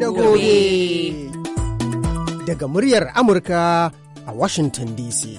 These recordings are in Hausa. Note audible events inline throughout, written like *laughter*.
da gobe. Daga muryar Amurka a Washington DC.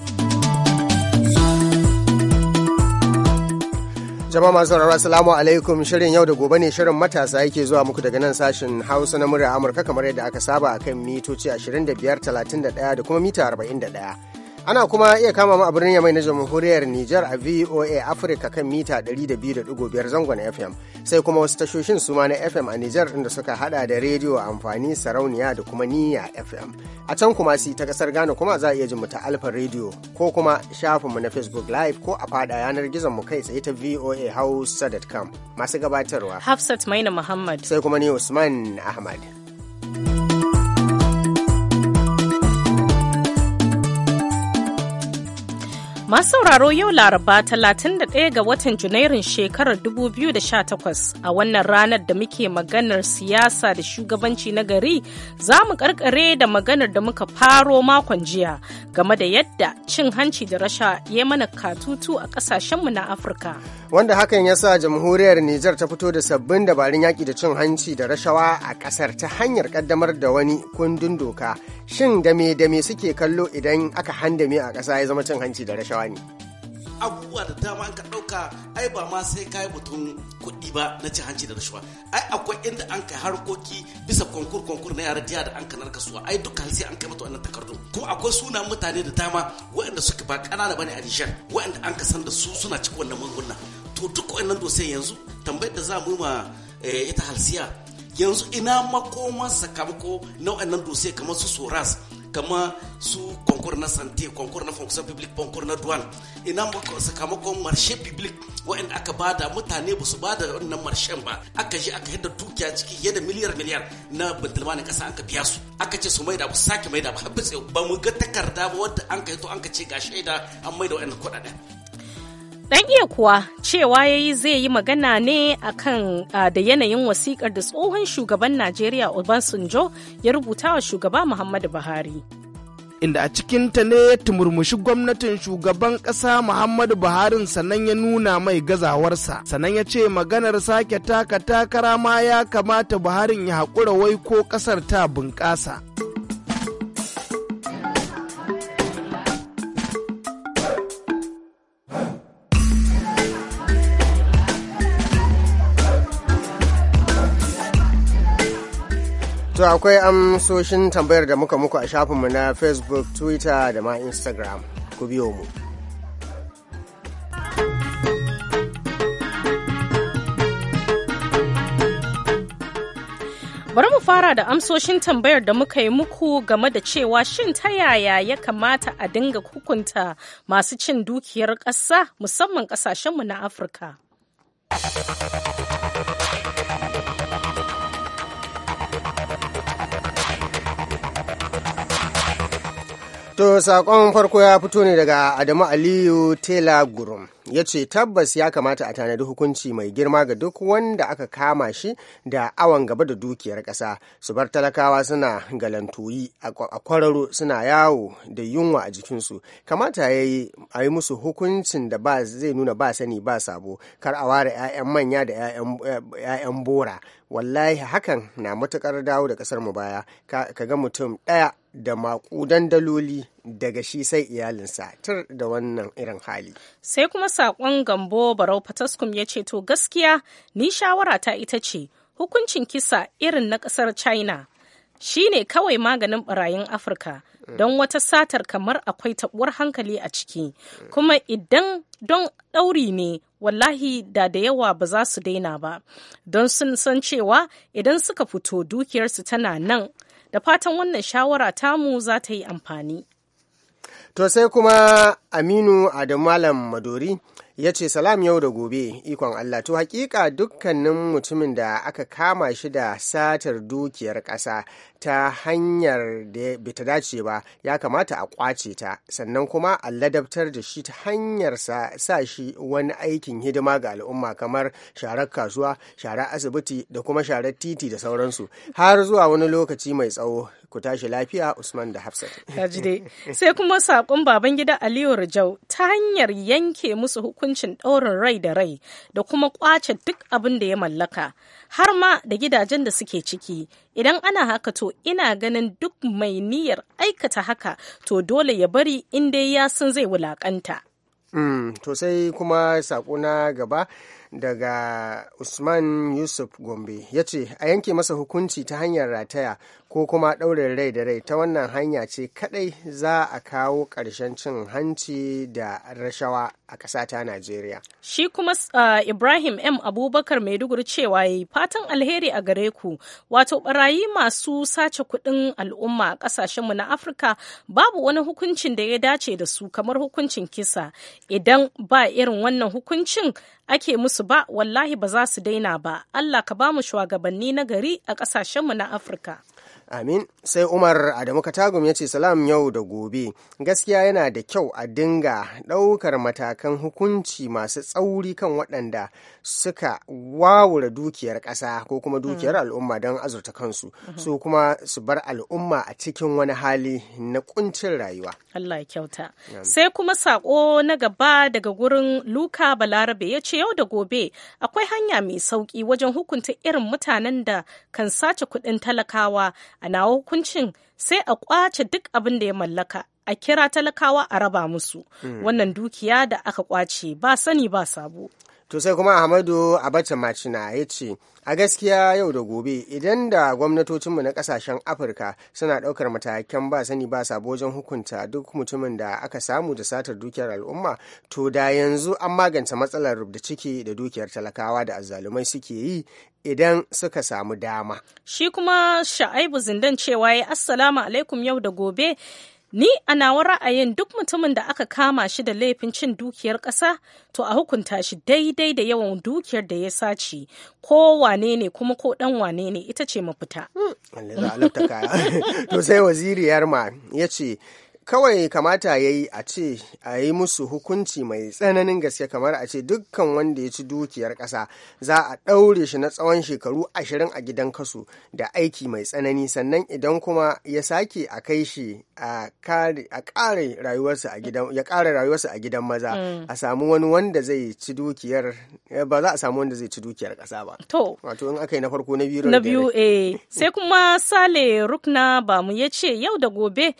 Jama'a masu sauraro Assalamu alaikum shirin yau da gobe ne shirin matasa yake zuwa muku daga nan sashin Hausa na muryar Amurka kamar yadda aka saba akan mitoci 25, 31 da kuma mita 41. Ana kuma iya kama mu a birnin Yamai na Jamhuriyar Nijar a VOA Africa kan mita biyar zangon FM. Sai kuma wasu tashoshin suma na FM a Nijar inda suka hada da rediyo amfani sarauniya da kuma niyya FM. A can kuma si ta kasar Ghana kuma za a iya jin mu ta Alfa rediyo ko kuma shafin mu na Facebook Live ko a fada yanar gizon mu kai tsaye ta VOA Hausa.com. Masu gabatarwa. Hafsat Maina Muhammad. Sai kuma ni Usman Ahmad. Masu sauraro yau Laraba 31 ga watan Junairun shekarar 2018 a wannan ranar da muke maganar siyasa da shugabanci na gari za mu karkare da maganar da muka faro makon jiya game da yadda cin hanci da rasha ya mana katutu a kasashenmu na Afirka. Wanda hakan ya sa jamhuriyar Nijar ta fito da sabbin dabarun yaƙi da cin hanci da rashawa a ƙasar ta hanyar ƙaddamar da wani kundin doka. Shin dame-dame suke kallo idan aka handame a ƙasa ya zama cin hanci da rashawa. rashawa ne abubuwa da dama an ka ɗauka ai ba ma sai ka batun mutum kuɗi ba na ci hanci da rashawa ai akwai inda an kai harkoki bisa konkur konkur na yara diya da an kanar kasuwa ai duka sai an kai mata wannan takardu kuma akwai suna mutane da dama waɗanda suka ba ƙanana bane a Nijar waɗanda an ka san da su suna cikin wannan magunguna to duk waɗannan dosai yanzu tambayar da za mu ma eh, ita halsiya yanzu ina makoma sakamako na waɗannan dosai kamar su soras kama su concours na santé concours na fonction publique concours na douane ina sakamakon marché public wa'anda aka bada mutane ba su bada wannan marshen ba aka ji aka hidda dukiya ciki yadda miliyar miliyar na bantulmanin kasa aka biya su aka ce su maida ba su sake maida ba ba mu ga takarda ba wadda an kai to an ka ce ga shaida an maida wa'annan kuɗaɗen Dan iya kuwa cewa ya yi zai yi magana ne a kan da yanayin wasikar da tsohon shugaban Najeriya Obasanjo ya rubuta wa shugaba Muhammadu Buhari. inda a cikinta ne ya tumurmushi gwamnatin shugaban ƙasa Muhammadu Buhari sannan ya nuna mai gazawarsa. Sannan ya ce maganar sake taka takara ma ya kamata Buhari ya haƙura wai ko ƙasar ta bunƙasa. To akwai amsoshin tambayar da muka muku a shafinmu na Facebook, Twitter da ma Instagram. Ku biyo mu. Bari mu fara da amsoshin tambayar da muka yi muku game da cewa shin ta yaya ya kamata a dinga hukunta masu cin dukiyar ƙasa musamman ƙasashenmu na Afirka. To saƙon farko ya fito ne daga Adamu Aliyu Tela Gurum. ya ce tabbas ya kamata a tanadi hukunci mai girma ga duk wanda aka kama shi da awon gaba da dukiyar ƙasa su bar talakawa suna galantoyi, a kwararo suna yawo da yunwa a jikinsu kamata ya yi a yi musu hukuncin da ba zai nuna ba sani ba sabo kar a ware 'ya'yan manya da 'ya'yan bora wallahi hakan na matukar dawo da kasar mu baya ka ga mutum daya da makudan daloli daga shi sai iyalinsa tur da wannan irin hali. Sai kuma sakon gambo barau fataskum ya ce to gaskiya ni shawara ta ita ce hukuncin kisa irin na kasar China shi ne kawai maganin barayin Afirka don wata satar kamar akwai tabuwar hankali a ciki kuma idan don ɗauri ne wallahi da da yawa ba za su daina ba don sun san cewa idan suka fito dukiyarsu tana nan da fatan wannan shawara tamu za ta yi amfani. To sai kuma Aminu Adamu Malam Madori ya ce salam yau da gobe ikon Allah to hakika dukkanin mutumin da aka kama shi da satar dukiyar ƙasa ta hanyar da bata dace ba ya kamata a ƙwace ta sannan kuma a ladabtar da shi ta hanyar sa shi wani aikin hidima ga al'umma kamar sharar kasuwa sharar asibiti da kuma sharar titi da sauransu har zuwa wani lokaci mai tsawo ku tashi lafiya Usman da Hafsat. sai kuma saƙon baban gida Aliyu Rijau ta hanyar yanke musu hukuncin ɗaurin rai da rai da kuma ƙwace duk abin da ya mallaka, har ma da gidajen da suke ciki. Idan ana haka to ina ganin duk mai niyyar aikata haka to dole ya bari in dai ya san zai wulaƙanta. Mm, to sai kuma saƙo na gaba. daga usman yusuf gombe ya ce a yanke masa hukunci ta hanyar rataya ko kuma ɗaurin rai da rai ta wannan hanya ce kadai za a kawo ƙarshen cin hanci da rashawa a ƙasa ta najeriya shi kuma uh, ibrahim m abubakar maiduguri cewa ya yi fatan alheri a gare ku wato barayi masu sace kuɗin al'umma a ƙasashenmu na afirka babu wani hukuncin da ya dace da su kamar hukuncin kisa idan ba irin wannan hukuncin ake musu ba wallahi ba za su daina ba Allah ka ba mu shugabanni na gari a ƙasashenmu na Afirka. amin sai umar adamu katagum ya ce salam yau da gobe gaskiya yana da kyau a dinga ɗaukar matakan hukunci masu tsauri kan waɗanda suka wawura dukiyar ƙasa ko kuma dukiyar mm. al'umma don azurta kansu mm-hmm. su kuma su bar al'umma a cikin wani hali na kuncin rayuwa Allah ya kyauta sai kuma sako na gaba daga gurin luka balarabe ya ce yau da gobe akwai hanya mai sauƙi wajen hukunta irin mutanen da kan sace kuɗin talakawa a nawo hukuncin sai a kwace duk abin da ya mallaka a kira talakawa a raba musu hmm. wannan dukiya da aka kwace ba sani ba sabo to sai kuma ahmadu abacin macina ya ce a gaskiya yau da gobe idan da gwamnatocinmu na kasashen afirka suna ɗaukar matakan ba sani ba sabo wajen hukunta duk mutumin da aka samu da satar dukiyar al'umma to da yanzu an magance matsalar da ciki da dukiyar talakawa da azzalumai suke yi idan suka samu dama. Shi kuma sha'aibu zindan cewa ya assalamu alaikum yau da gobe Ni a nawa ra'ayin duk mutumin da aka kama shi da laifin cin dukiyar ƙasa to a hukunta shi daidai da yawan dukiyar da ya sace ko wane ne kuma ko dan wane ne ita ce mafita. Hmm. *laughs* To sai waziri yarma ya ce kawai kamata ya yi a ce a yi musu hukunci mai tsananin gaske kamar a ce dukkan wanda ya ci dukiyar ƙasa za a ɗaure shi na tsawon shekaru ashirin a gidan kasu da aiki mai tsanani sannan idan kuma ya sake a kai shi a kare rayuwarsa a gidan maza mm. a samu wani wanda zai ci dukiyar eh, ba za a samu wanda zai ci dukiyar ƙasa ba to wato in aka yi na farko na biyu na eh, biyu sai kuma sale rukna mu ya ce yau da gobe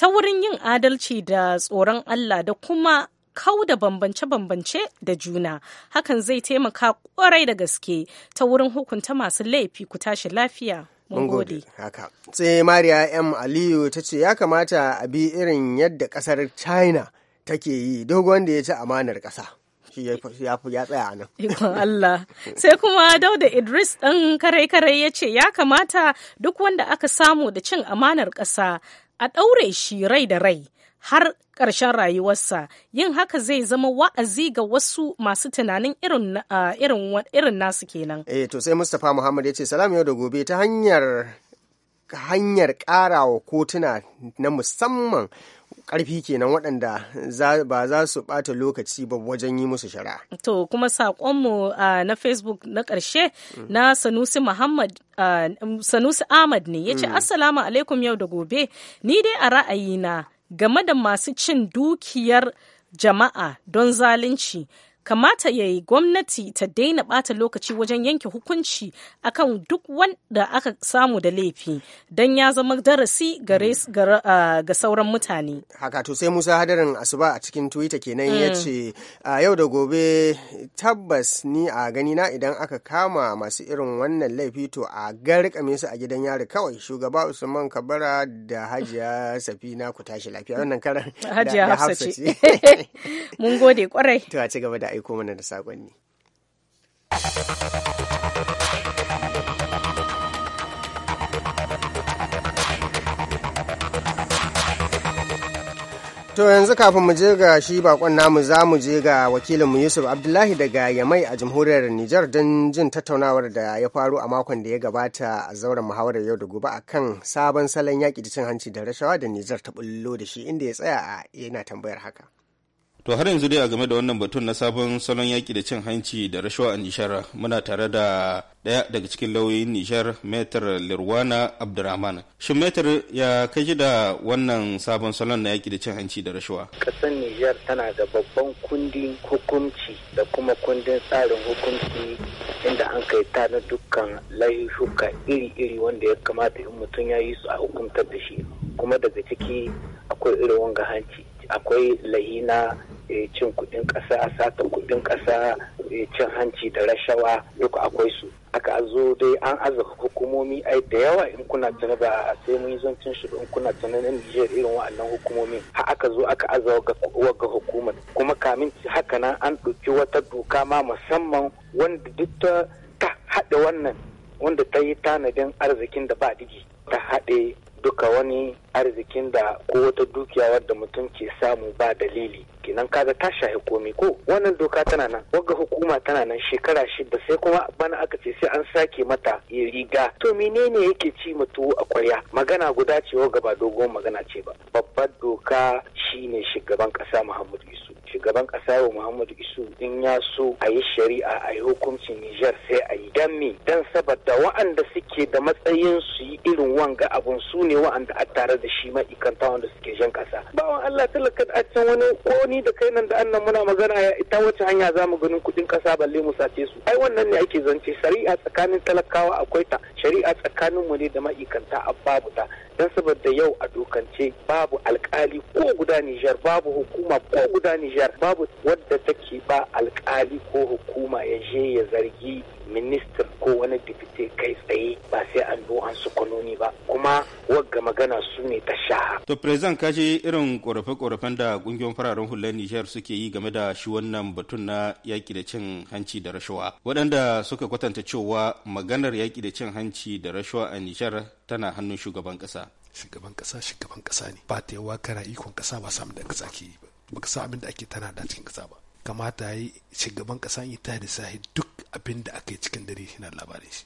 ta wurin yin adalci da tsoron Allah da kuma kau da bambance-bambance da juna hakan zai taimaka kwarai da gaske ta wurin hukunta masu laifi ku tashi lafiya mun gode haka sai mariya m aliyu ta ce ya kamata a bi irin yadda kasar china take yi dogon da ya ci amanar kasa ya tsaya nan. *laughs* Allah. Sai kuma Dauda Idris ɗan karai-karai ya ce ya kamata duk wanda aka samu da cin amanar ƙasa a ɗaure shi rai da rai har ƙarshen rayuwarsa yin haka zai zama wa'azi ga wasu masu tunanin irin nasu kenan. Eh to sai Mustapha Muhammad ya ce salam yau da gobe ta hanyar hanyar ƙarawa kotuna na musamman karfi kenan waɗanda ba za su ɓata lokaci ba wajen yi musu shara. To kuma saƙonmu uh, na Facebook na ƙarshe mm. na Sanusi Muhammad Sanusi Ahmad ne ya ce mm. Assalamu alaikum yau da gobe ni dai a ra'ayina game da masu cin dukiyar jama'a don zalunci kamata ya yi gwamnati ta daina bata lokaci wajen yanke hukunci akan duk wanda aka samu da laifi don ya zama darasi mm. ga sauran mutane haka to sai musa hadarin asuba a cikin twitter kenan ya mm. ce a yau da gobe tabbas ni a gani na idan aka kama masu irin wannan laifi to a garkame su a gidan yari kawai shugaba usman kabara da hajiya safina ku tashi lafiya wannan karan da hafsa ce *laughs* mun gode kwarai *laughs* to a ci gaba da aiko mana da saƙonni. To yanzu kafin mu je ga shi bakon namu za mu je ga wakilinmu Yusuf Abdullahi daga Yamai a jamhuriyar Nijar don jin tattaunawar da ya faru a makon da ya gabata a zauren muhawarar yau da gobe a kan sabon salon yaƙi da cin hanci da rashawa da Nijar ta bullo da shi inda ya tsaya a yana tambayar haka. To har yanzu dai a game da wannan batun na sabon salon yaƙi da cin hanci da rashawa a Nishar muna tare da ɗaya daga cikin lauyoyin Nishar Metar Lirwana Abdurrahman. Shin Metar ya kai da wannan sabon salon na yaƙi da cin hanci da rashawa? Ƙasar Nijar tana da babban kundin hukunci da kuma kundin tsarin hukunci inda an kai ta na dukkan layuka iri-iri wanda ya kamata in mutum ya yi su a hukuntar da shi. Kuma daga ciki akwai irin wanga hanci. akwai lahina eh, cin kudin kasa sata kudin kasa eh, cin hanci da rashawa duk akwai su aka zo dai an aza hukumomi ai da yawa in kuna tuna ba sai mun yi zancen shi in kuna tuna na Nijar irin wa'annan hukumomi har aka zo aka aza waga hukumar kuma kamin haka nan an ɗauki wata doka ma musamman wanda duk ta haɗa wannan wanda ta yi tanadin arzikin da ba digi ta haɗe duka wani arzikin da ko wata dukiya wadda mutum ke samu ba dalili kenan kaga ta shahi komi ko wannan doka tana nan wagga hukuma tana nan shekara shida sai kuma bana aka ce sai an sake mata riga to menene yake ci mutu a kwarya magana guda ce wagga ba dogon magana ce ba babbar doka shine shugaban kasa Muhammadu Yusuf shugaban ƙasa wa Muhammadu Isu in ya so a yi shari'a a yi hukuncin Nijar sai a yi dan me dan saboda wa'anda suke da matsayin su yi irin wanga abun su ne wa'anda a tare da shi ma'aikanta wanda suke jan ƙasa. Bawan Allah talaka a can wani ko ni da kai nan da annan muna magana ya ita wacce hanya za mu ganin kuɗin ƙasa balle mu sace su. Ai wannan ne ake zance shari'a tsakanin talakawa akwai ta shari'a tsakanin mu ne da ma'aikanta a babu ta don saboda yau a dokance babu alkali ko guda Nijar babu hukuma ko guda Nijar babu wadda take ba alkali ko hukuma ya je ya zargi minister ko wani dipite kai tsaye ba sai an zo an su kwanoni ba kuma wagga magana su ne ta shaha. to president kashi irin korafe-korafen da kungiyoyin fararen hular nijar suke yi game da shi wannan batun na yaki da cin hanci da rashawa waɗanda suka kwatanta cewa maganar yaki da cin hanci da rashawa a nijar tana hannun shugaban ƙasa. shugaban ƙasa shugaban ƙasa ne ba ta yawa kana ikon ƙasa ba samun da ƙasa ke yi ba baka san abin da ake tana da cikin ƙasa ba kamata ya yi shugaban ƙasa ya ta sahi duk abin da aka yi cikin dare yana labarin shi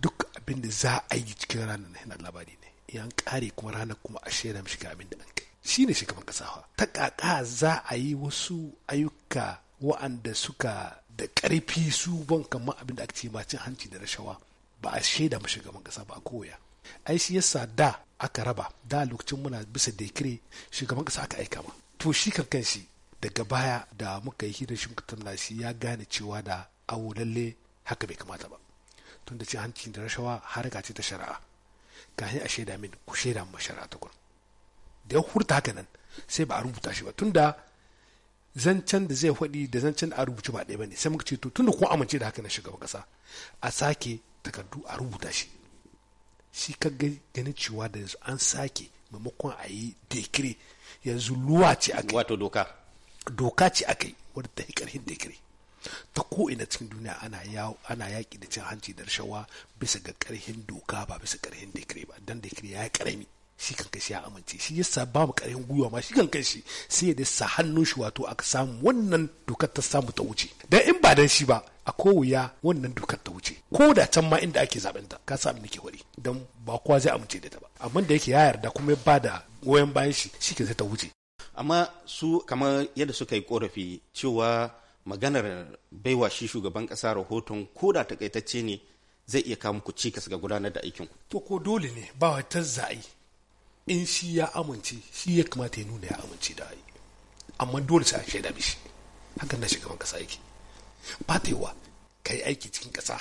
duk abin da za a yi cikin ranar yana labari ne yan kare kuma ranar kuma a shaida mishi ga abin da an kai shi ne shugaban ƙasa ta ƙaƙa za a yi wasu ayyuka wa'anda suka da ƙarfi su ban kamar abin da aka ce cin hanci da rashawa ba a shaida mu shugaban ƙasa ba a koya ai shi yasa da aka raba da lokacin muna bisa dekire shugaban ƙasa aka aika ma to shi kan kan shi daga baya da muka yi hira shi shi ya gane cewa da awo lalle haka bai kamata ba tun da ce hanci da rashawa har ce ta shari'a kahin a shaida min ku shaida ma shari'a ta gurin da ya hurta haka nan sai ba a rubuta shi ba tunda zancen da zai faɗi da zancen da a rubuce ba ɗaya ba ne sai muka ce to tunda kun amince da haka na shugaban kasa a sake takardu a rubuta shi shi ka gani cewa da yanzu an sake maimakon a yi dekire yanzu luwa ce aka wato doka doka ce aka yi wadda ta yi ƙarhin digiri ta ko ina cikin duniya ana yaƙi da cin hanci da rashawa bisa ga ƙarhin doka ba bisa ƙarhin digiri ba don digiri ya yi ƙarami shi kan kai ya amince shi yasa ba mu ƙarhin gwiwa ma shi kan kai shi sai ya dasa hannun shi wato aka samu wannan dokar ta samu ta wuce dan in ba dan shi ba a ko wuya wannan dokar ta wuce ko da can ma inda ake zaben ta ka sami nake wari dan ba kowa zai amince da ta ba amma da yake ya yarda kuma ya ba da goyon bayan shi shi ke sai ta wuce amma su kamar yadda suka yi korafi cewa maganar baiwa shi shugaban kasa rahoton ko da takaitacce ne zai iya kawo muku cikas ga gudanar da aikin ku to ko dole ne ba wata za'i in shi ya amince shi ya kamata ya nuna ya amince da ai amma dole sai a shaida mishi hakan na shugaban kasa yake ba ta yiwa ka aiki cikin kasa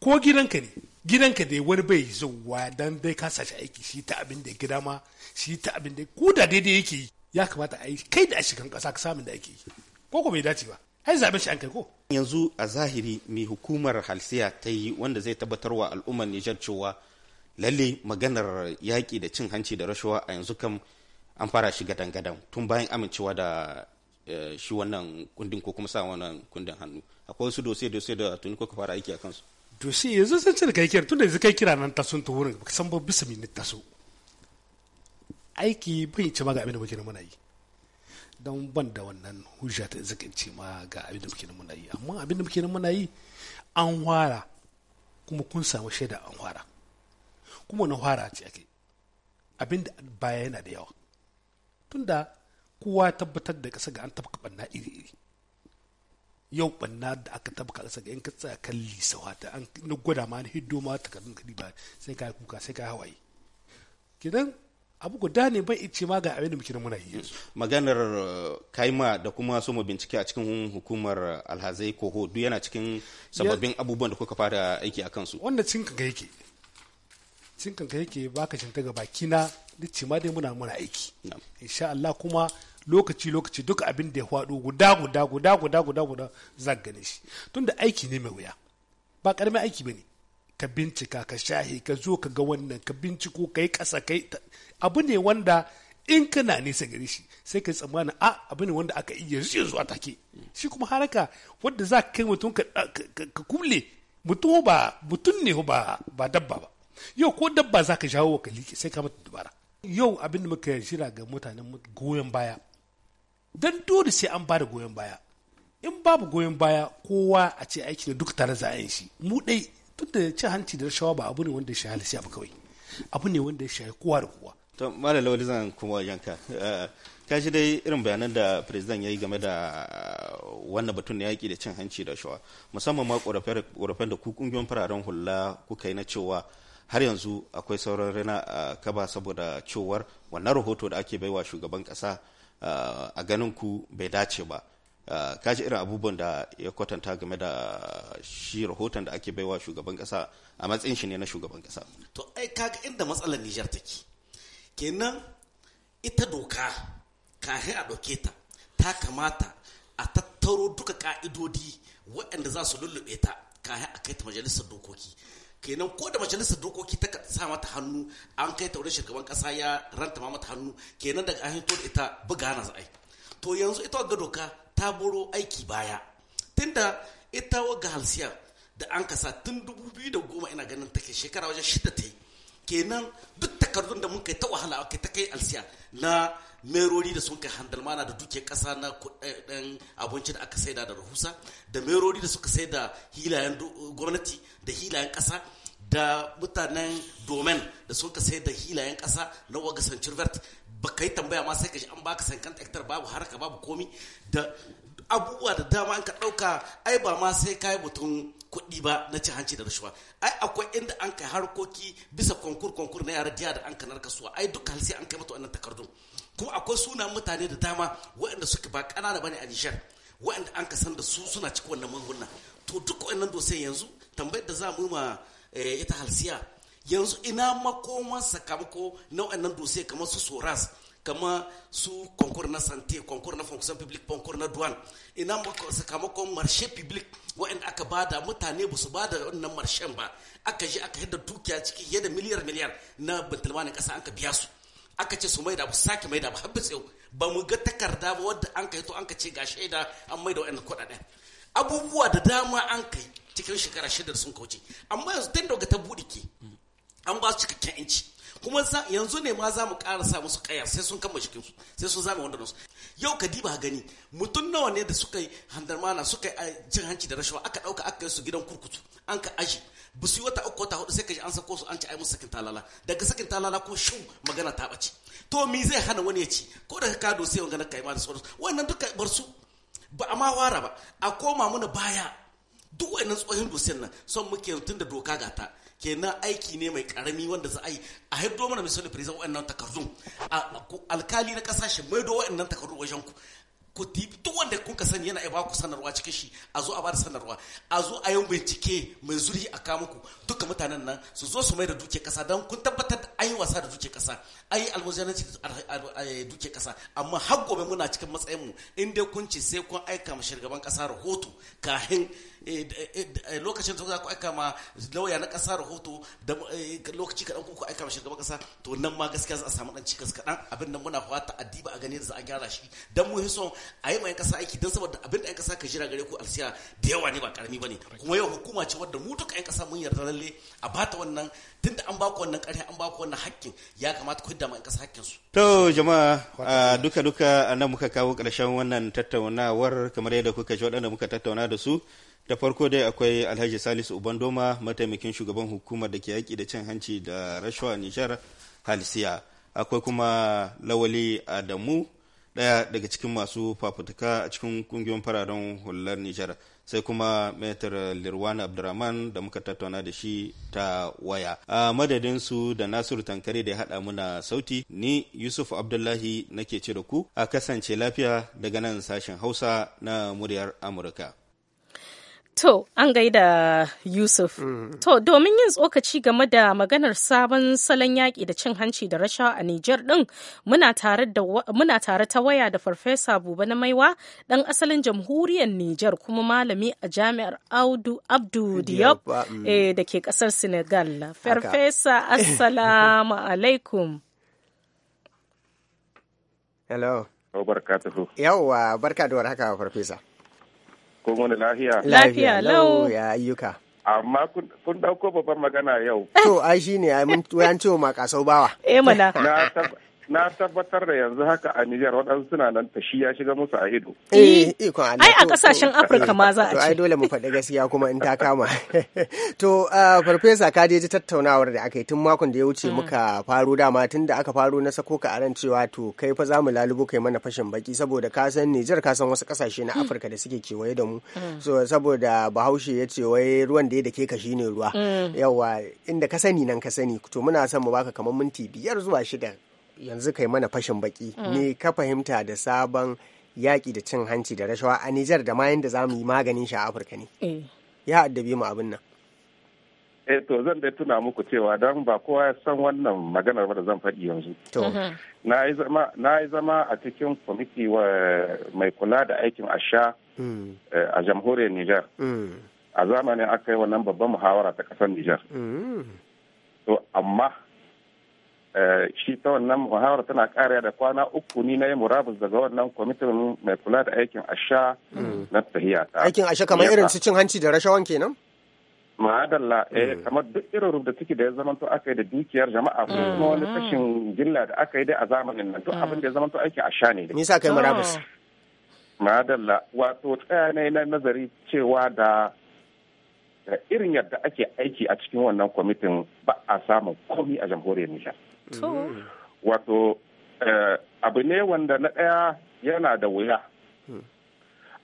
ko gidanka ne gidanka dai wani bai zuwa dan dai ka sashi aiki shi ta abin da gida ma shi ta abin da ko da daidai yake yi ya kamata a yi kai da a shigan ƙasa ka samun da ake yi ko ko bai dace ba ai zaɓen shi an kai ko. yanzu a zahiri mai hukumar halsiya ta yi wanda zai tabbatar wa al'ummar nijar cewa lalle maganar yaƙi da cin hanci da rashawa a yanzu kam an fara shi dangadan tun bayan amincewa da eh, shi wannan kundin ko kuma sa wannan kundin hannu akwai wasu dose dose da tuni ko ka fara aiki a kansu dose yanzu sun da kai kira tun da yanzu kai kira nan ta sun ta wurin ka san ba bisa min ta so aiki bai ce ma ga abin da muke muna yi don ban da wannan hujja ta zakin ce ma ga abin da muke muna yi amma abin da muke muna yi an wara kuma kun samu shaida an wara kuma wani wara ce ake abin da baya yana da yawa tunda kowa tabbatar da kasa ga an tabka banna iri-iri yau banna da aka tabka kasa ga in ka tsaya kan lisawa ta an na gwada ma ni hiddo ma takardun kadi ba sai ka yi kuka sai ka yi hawaye kidan abu guda ne bai ice ma ga abin da muke muna yi maganar eh, kaima da kuma soma bincike a cikin hukumar alhazai koho duk yana cikin sababbin abubuwan da kuka fara aiki a kansu wanda cin kanka yake cin kanka yake baka cinta ga baki na duk ce ma dai muna muna aiki insha Allah kuma lokaci lokaci duk abin da ya faɗo guda guda guda guda guda guda zan gane shi tunda aiki ne mai wuya ba karamin aiki bane ka bincika ka shahi ka zo ka ga wannan ka binciko ka yi ƙasa ka yi abu ne wanda in kana nesa gare shi sai ka tsammana a ah, abu ne wanda aka iya zuwa zuwa take shi kuma haraka wadda za ka kai mutum ka kumle mutum ba mutum ne ba dabba ba yau ko dabba za ka shawo ka liƙe sai ka mata dubara yau abin da muka shira ga mutanen goyon baya dan dole sai an bada goyon baya in babu goyon baya kowa a ce aiki da duk tare za a yin shi mu dai Duk da cin hanci da rashawa ba abu ne wanda ya shahara shi abu kawai abu ne wanda ya shahi kowa da kowa to mala lawali zan kuma yanka eh, ka ji dai irin bayanan da president ya yi game da eh, wannan batun yaƙi da cin hanci da rashawa musamman ma ƙorafen da ku kungiyar fararen hula kuka yi na cewa har yanzu akwai sauran rana a eh, kaba saboda cewar wannan rahoto da ake baiwa shugaban ƙasa a ganin ku bai dace ba Uh, kaji irin abubuwan da ya kwatanta game da shi rahoton da ake baiwa shugaban kasa a matsayin shi ne na shugaban kasa to ai kaga inda matsalar Nijar take kenan ita doka kafin a ɗauke ta ta kamata a tattaro duka ka'idodi waɗanda za su lullube ta kafin a kai ta majalisar dokoki kenan ko da majalisar dokoki ta sa mata hannu an kai ta wurin shugaban kasa ya ranta mata hannu kenan daga an hito ita buga na za'ai to yanzu ita ga doka ta boro aiki baya tunda ita waga halsiya da an kasa tun 2010 ina ganin take shekara wajen shida ta yi kenan duk takardun da mun kai ta wahala aka ta kai alsiya na merori da sun kai handalmana da duke kasa na kudaden abinci da aka saida da rahusa da merori da suka saida hilayen gwamnati da hilayen kasa da mutanen domen da suka sai da hilayen kasa na wagasan cirvert ba ka yi tambaya ma sai ka shi an baka sankan hektar babu haraka babu komi da abubuwa da dama an ka ɗauka ai ba ma sai ka yi mutum kuɗi ba na ci hanci da rashuwa ai akwai inda an kai harkoki bisa konkur konkur na yara diya da an kanar kasuwa ai duka halsi an kai mata wannan takardun kuma akwai sunan mutane da dama waɗanda suke ba ƙanana bane a nishar waɗanda an ka san da su suna cikin wannan mangunan to duk waɗannan dosai yanzu tambayar da za mu ma eh, ita halsiya yanzu ina makoman sakamako na waɗannan dosiye kamar su soras kama su concours na santé concours na fonction publique concours na douane ina sakamakon marché public wa'anda aka bada mutane ba su bada wannan marshen ba aka ji aka hidda dukiya ciki yadda miliyar miliyar na bantulmanin kasa an ka biya su aka ce su maida ba sake maida ba habbi tsayo ba mu ga takarda ba wadda an ka yi to an ka ce ga shaida an maida wa'anda kuɗaɗen abubuwa da dama an kai cikin shekara shida sun kauce amma yanzu tun daga ta buɗe ke an ba su cikakken inci kuma yanzu ne ma za mu sa musu kaya sai sun kama jikinsu sai sun zame wanda yau ka diba gani mutum nawa ne da suka yi handarmana suka yi jin hanci da rashawa aka ɗauka aka kai su gidan kurkutu an ka aji ba su yi wata uku wata hudu sai ka ji an sako su an ci ai musu sakin talala daga sakin talala ko shin magana ta ɓace to mi zai hana wani ya ci ko da ka dosi gana ka yi ma da sauransu wannan duka bar su ba a ma wara ba a koma muna baya duk wannan tsohon dosiyan nan son muke tun da doka ga ta. kenan aiki ne mai karami wanda za a yi a haifdo mana misali firiza wa'annan takardun alkali na kasashe do wa'annan takardun wajen ku ku duk wanda kuka sani yana iya ku sanarwa cikin shi a zo a bada sanarwa a zo a yi bincike mai zurfi a kawo muku duka mutanen nan su zo su mai da duke kasa don kun tabbatar da ayi wasa da duke kasa ayi yi almujananci da eh, duke kasa amma har gobe muna cikin matsayin mu in dai kun ce sai kun aika ma shugaban kasa rahoto kafin Eh, eh, lokacin da za ku aika ma lauya na kasa rahoto da eh, lokaci kaɗan ku aika ma shugaban kasa to nan ma gaskiya za a samu ɗan cikas kaɗan abin nan muna fata addiba a gani da za a gyara shi dan mu so a yi ma kasa aiki dan saboda abin da 'yan kasa ka jira gare ku alsiya da yawa ne ba ƙarami ba ne kuma yau hukuma ce wadda mu duka 'yan kasa mun yarda lalle a bata wannan tunda an ba ku wannan ƙarfi an ba ku wannan hakkin ya kamata ku hidda ma 'yan kasa hakkin su. to jama'a duka duka nan muka kawo ƙarshen wannan tattaunawar kamar yadda kuka ji waɗanda muka tattauna da su da farko dai akwai alhaji salisu ubandoma mataimakin shugaban hukumar da ke yaƙi da cin hanci da rashawa nijar halisiya akwai kuma lawali adamu ɗaya daga cikin masu fafutuka a cikin ƙungiyoyin fararen hular nijar sai kuma metar lirwan abdurrahman da muka tattauna da shi ta waya a madadin su da nasiru tankare da ya haɗa muna sauti ni yusuf abdullahi nake ce da ku a kasance lafiya daga nan sashen hausa na muryar amurka To, an gaida Yusuf. Mm. To, domin yin tsokaci game da maganar sabon salon yaƙi da cin hanci da rasha a Nijar ɗin, muna tare ta waya da Farfesa Buba na Maiwa, ɗan asalin jamhuriyar Nijar kuma malami a jami'ar Audu Abdu Diop mm. eh, da ke ƙasar Senegal. Farfesa, Assalamu *laughs* alaikum. Hello. Yawwa, barka da warhaka, Farfesa. ko wani lafiya lafiya lau ya ayyuka amma kun ɗauko babban magana yau to ai ne, ai mun tuyan ciwo ma kasau bawa eh mana na tabbatar da yanzu haka a Nijar waɗansu suna nan tashi ya shiga musu a ido. Eh, eh, ai a kasashen Afirka ma za a ce. Ai dole mu faɗi gaskiya kuma in ta kama. *laughs* To, uh, Farfesa ka je ji tattaunawar da aka yi tun makon da ya wuce mm. muka faro dama tun da aka faro na sako ka aran cewa to kai fa za mu lalubo kai mana fashin baki saboda ka san Nijar ka san wasu kasashe na mm. Afirka da suke kewaye da mu. Mm. So saboda Bahaushe ya ce wai ruwan da ya dake ka shine ruwa. Yawwa inda ka sani nan ka sani to muna son mu baka kamar minti biyar zuwa shida yanzu kai mana fashin baki mm. me ka fahimta da sabon yaƙi da cin hanci da rashawa a Nijar da ma yadda za mu yi maganin shi a Afirka ne. Eh. Ya addabi mu abin nan. Eh to zan dai tuna muku cewa don ba kowa ya san wannan maganar da zan faɗi yanzu. To. Mm-hmm. Na yi zama a cikin kwamiti mai kula da aikin asha mm. eh, a jamhuriyar Nijar. Mm. A zamanin aka yi wannan babban muhawara ta ƙasar Nijar. To amma Eh, shi ta wannan muhawar tana kare da kwana uku ni na yi murabus daga wannan kwamitin mai kula da aikin asha hmm. na tahiya ta. Aikin asha kamar irin su cin hanci da rashawan kenan? ma'adalla eh hmm. kamar duk irin rubda ciki da ya zamanto aka yi da dukiyar jama'a ko hmm. kuma wani kashin gilla da aka yi dai a zamanin nan duk abin da ya zamanto aikin asha ne. Nisa kai murabus. Ma'adalla wato tsaya ne na nazari cewa da da irin yadda ake aiki a cikin wannan kwamitin ba a samun komi a jamhuriyar Nijar. Mm. wato eh, abu ne wanda na ɗaya yana da wuya hmm.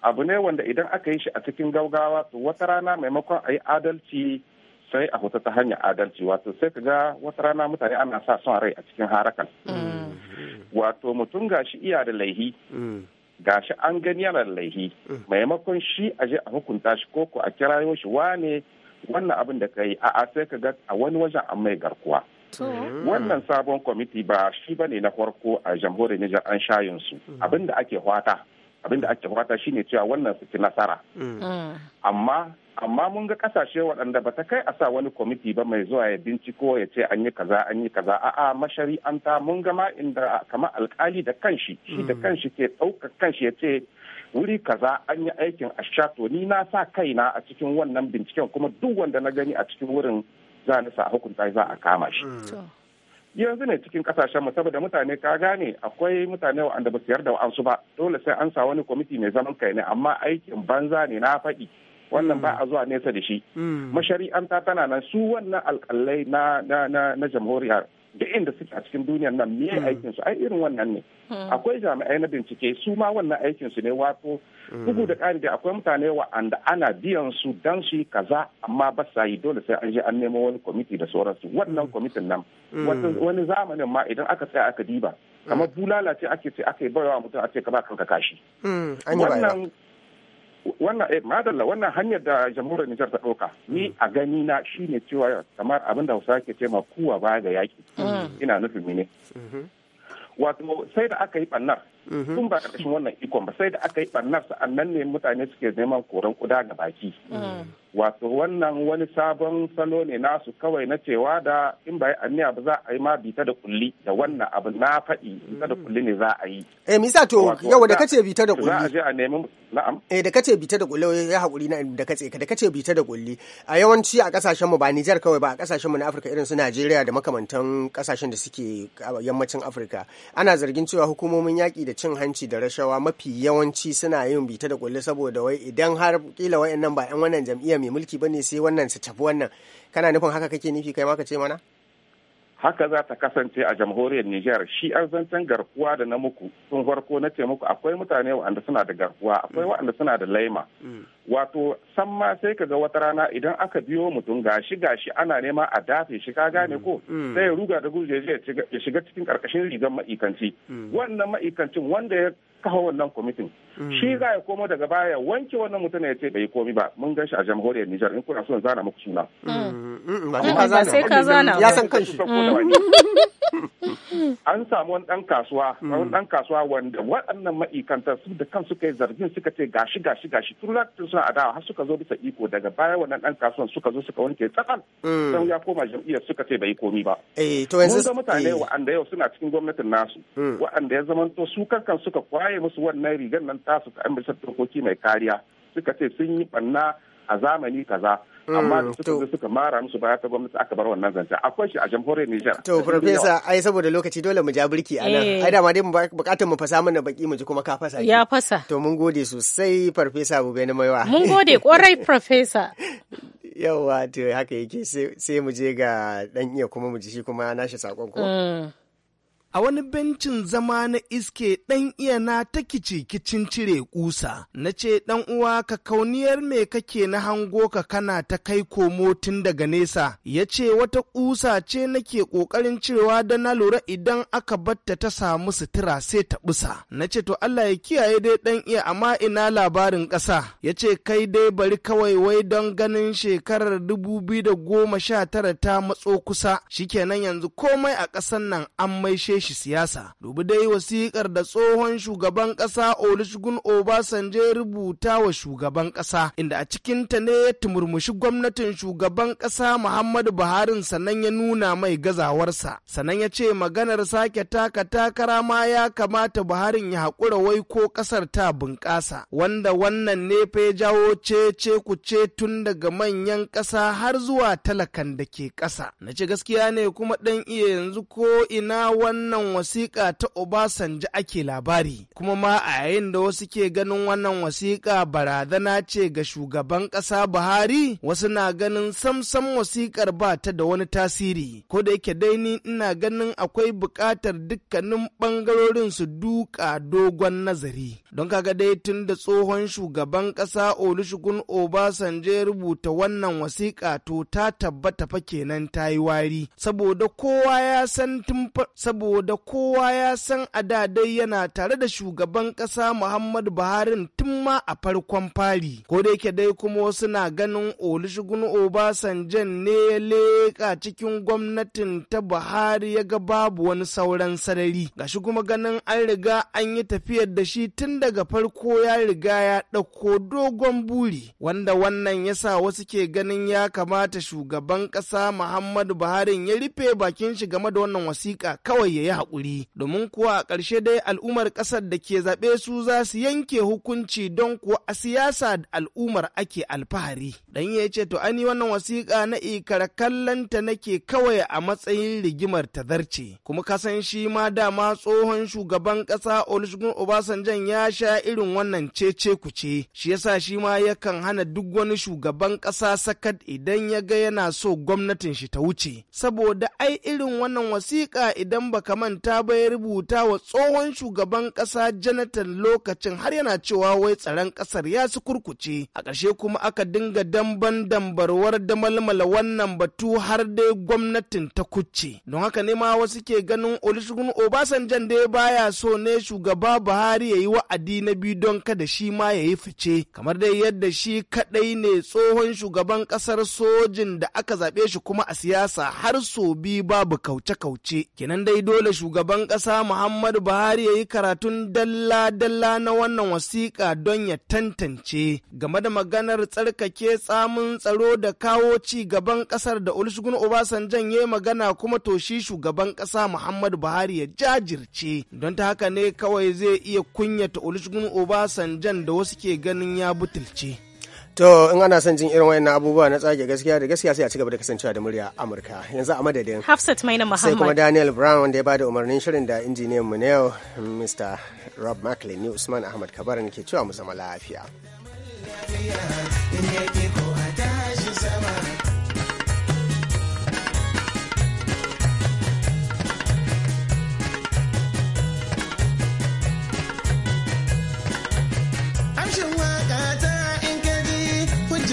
abu ne wanda idan aka yi shi a cikin gaugawa wata rana maimakon a yi adalci sai a huta ta hanyar adalci wato sai ka ga wata rana mutane ana sa son rai a cikin harakan hmm. wato mutum gashi iya da laihi hmm. gashi an gani yana da laihi maimakon shi a je a hukunta shi ko ko a kirayo shi wane wannan abin da ka yi a'a sai ka ga a wani wajen an mai garkuwa Mhm. Wannan sabon kwamiti ba shi ba ne na farko a jamhuriyar Nijar an shayin su. Mhm. Abin da ake hwata, abin ake hwata shine cewa wannan su ci nasara. Mm. Mm. Amma amma mun ga kasashe waɗanda ba ta kai a sa wani kwamiti ba mai zuwa ya binciko ya ce an yi kaza an yi kaza a'a mashari'anta mun ga ma inda kamar alkali da kanshi shi da mm. kanshi ke ɗaukar kanshi ya ce wuri kaza an yi aikin a to ni na sa kaina a cikin wannan binciken kuma duk wanda na gani a cikin wurin za a nisa a hukunta za a kama shi hmm. yanzu ne cikin kasashen saboda mutane ka gane akwai mutane wa'anda ba su yarda wa'ansu ba dole sai an sa wani kwamiti mai zaman kai ne amma aikin banza ne na faɗi wannan ba a hmm. zuwa nesa da shi hmm. mashari'anta tana nan su wannan alƙalai na jamhuriya. na jamhuriyar da inda suke a cikin duniyar nan me hmm. aikin su ai irin wannan ne hmm. akwai jami'ai na bincike su ma wannan aikin su ne wato hmm. bugu da ƙari da akwai mutane wa'anda ana biyan su dan su yi kaza amma ba sa yi dole sai an je an nemo wani kwamiti da sauransu wannan kwamitin nan wani zamanin ma idan aka tsaya aka diba kamar bulala ce ake ce aka yi bayawa mutum a ce ka ba kanka kashi wannan wannan eh madalla wannan hanyar da jamhuriyar Nijar ta ɗauka ni mm. a gani na shine cewa kamar abin da Hausa ke ce ma kuwa baya ga yaki mm. ina nufin mene mm-hmm. wato sai da aka yi bannar sun mhm. ba ƙarƙashin wannan ikon ba sai da aka yi ɓannar annan ne mutane suke neman koren kuda ga baki mm. wato wannan wani sabon salo ne nasu kawai na cewa da in ba anniya ba za a yi ma bita da kulli da wannan abu na faɗi bita da kulli ne za a yi eh misa to yau da kace bita da kulli za a je a nemi na'am eh da kace bita da kulli ya hakuri na da kace ka da kace bita da kulli a yawanci a kasashen mu ba Niger kawai ba a kasashen mu na Afirka irin su Najeriya da makamantan kasashen da suke yammacin Afirka ana zargin cewa hukumomin yaki da da cin hanci da rashawa mafi yawanci suna yin bita da kulle saboda wai idan har kila wayannan ba 'yan wannan jam'iyya mai mulki bane sai wannan su tafi wannan kana nufin haka kake nufi kai ma ka ce mana haka za ta kasance a jamhuriyar Nijar shi an zancen garkuwa da na muku sun farko na ce muku akwai mutane waɗanda suna da garkuwa akwai waɗanda suna da laima mm. wato san ma sai ka ga wata rana idan aka biyo mutum gashi gashi ana nema a dafe shi ka gane mm. ko mm. sai ya ruga da guje ya shiga cikin karkashin rigar ma'ikanci wannan ma'ikancin wanda ya kawo wannan kwamitin mm. shi za ya komo daga baya wanke wannan mutum ya ce bai komi ba mun gan shi a jamhuriyar Nijar in kuna son zana muku suna mm. Mm, sai ka zana ya san kanshi *laughs* an samu wani dan kasuwa wani dan kasuwa wanda waɗannan ma'aikatan su da kansu kai zargin suka ce gashi gashi gashi tun lokacin suna adawa har suka zo bisa iko daga baya wannan dan kasuwan suka zo suka wanke tsakan. don ya koma jam'iyyar suka ce bai komi ba eh, Mun ga mutane eh. waɗanda yau suna cikin gwamnatin nasu waɗanda ya zamanto su kankan suka kwaya. waye musu wannan rigar nan tasu ta amurka dokoki mai kariya suka ce sun yi banna a zamani kaza mm, amma da suka zo suka mara musu baya ta gwamnati aka bar wannan zancen akwai shi a jamhuriyar niger. To professor ai saboda lokaci dole mu ja burki a nan eh. ai ma dai bukatun mu fasa mana baki mu ji kuma ka fasa ya fasa to mun gode sosai professor Bube na Maiwa mun gode kwarai *laughs* professor yawa to haka yake sai mu je ga dan iya kuma mu ji shi kuma nashi sakon ko mm. a wani bencin zama na iske ɗan iyana ta kicin cire ƙusa. na ce ɗan uwa ka kauniyar me kake na hango ka kana ta kai komo tun daga nesa ya ce wata ƙusa ce nake ƙoƙarin cirewa da na lura idan aka batta ta samu sutura sai ta busa na ce to Allah ya kiyaye dai ɗan iya amma ina labarin ƙasa ya ce kai dai bari kawai wai don ganin shekarar dubu biyu da goma sha tara ta matso kusa shikenan yanzu komai a ƙasan nan an maishe shi siyasa dubi dai wasikar da tsohon shugaban ƙasa olusegun obasanjo rubuta wa shugaban ƙasa inda a cikin ta ne ya tumurmushi gwamnatin shugaban ƙasa muhammadu buhari sannan ya nuna mai gazawarsa sannan ya ce maganar sake taka takara ma ya kamata buharin ya haƙura wai ko ƙasar ta bunƙasa wanda wannan ne fa ya jawo cece ku ce tun daga manyan ƙasa har zuwa talakan da ke ƙasa na ce gaskiya ne kuma ɗan iya yanzu ko ina wannan wannan wasiƙa ta Obasanjo ake labari, kuma ma a yayin da wasu ke ganin wannan wasiƙa barazana ce ga shugaban ƙasa Buhari, wasu na ganin samsam wasiƙar ba ta da wani tasiri. Ko da yake dai ni ina ganin akwai buƙatar dukkanin ɓangarorin su duka dogon nazari. Don kaga dai tun da tsohon shugaban ƙasa Olusegun Obasanjo ya rubuta wannan wasiƙa to ta tabbata fa kenan ta yi wari, saboda kowa ya san tun saboda saboda kowa ya san a da dai yana tare da shugaban ƙasa Muhammadu Buhari tun ma a farkon fari. Ko da yake dai kuma wasu na ganin Olusegun Obasanjan ne ya leƙa cikin gwamnatin ta Buhari ya ga babu wani sauran sarari. Gashi kuma ganin an riga an yi tafiyar da shi tun daga farko ya riga ya ɗauko dogon buri wanda wannan ya sa wasu ke ganin ya kamata shugaban ƙasa Muhammadu Buhari ya rufe bakin shi game da wannan wasiƙa kawai ya yi haƙuri domin kuwa a ƙarshe dai al'ummar ƙasar da ke zaɓe su za su yanke hukunci don kuwa a siyasa da al'ummar ake alfahari. Dan ya ce to ani wannan wasiƙa na ikar kallanta nake kawai a matsayin rigimar ta zarce, Kuma kasan shi ma dama tsohon shugaban ƙasa Olusegun Obasanjan ya sha irin wannan cece kuce. Shi yasa shi ma yakan hana duk wani shugaban ƙasa sakat idan ya ga yana so gwamnatin shi ta wuce. Saboda ai irin wannan wasiƙa idan baka baka manta ba ya rubuta wa tsohon shugaban ƙasa janatan lokacin har yana cewa wai tsaron ƙasar ya su kurkuce. A ƙarshe kuma aka dinga damban dambarwar da malmala wannan batu har dai gwamnatin ta kucce. Don haka ne ma wasu ke ganin Olusegun Obasanjan dai baya so ne shugaba Buhari ya yi wa'adi na biyu don kada shi ma ya yi fice. Kamar dai yadda shi kaɗai ne tsohon shugaban ƙasar sojin da aka zaɓe shi kuma a siyasa har so biyu babu kauce-kauce. Kenan dai dole dole shugaban ƙasa Muhammadu Buhari ya yi karatun dalla-dalla na wannan wasiƙa don ya tantance game da maganar tsarkake tsamin tsaro da kawo ci gaban ƙasar da Olusegun Obasanjan ya yi magana kuma toshi shugaban ƙasa Muhammadu Buhari ya jajirce don ta haka ne kawai zai iya kunyata Olusegun Obasanjan da wasu ke ganin ya butulce. To in ana son jin irin wayannan abubuwa na tsage gaskiya da gaskiya sai a cigaba da kasancewa da murya Amurka. Yanzu a madadin Hafsat Maina Muhammad. Sai kuma Daniel Brown wanda ya bada umarnin shirin da injiniyan mu yau Mr. Rob Macklin ni Usman Ahmad kabar ne ke cewa mu zama lafiya.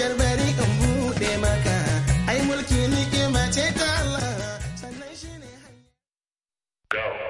Nijar bari in buɗe maka, ai mulki niƙima ta Allah, sannan shi ne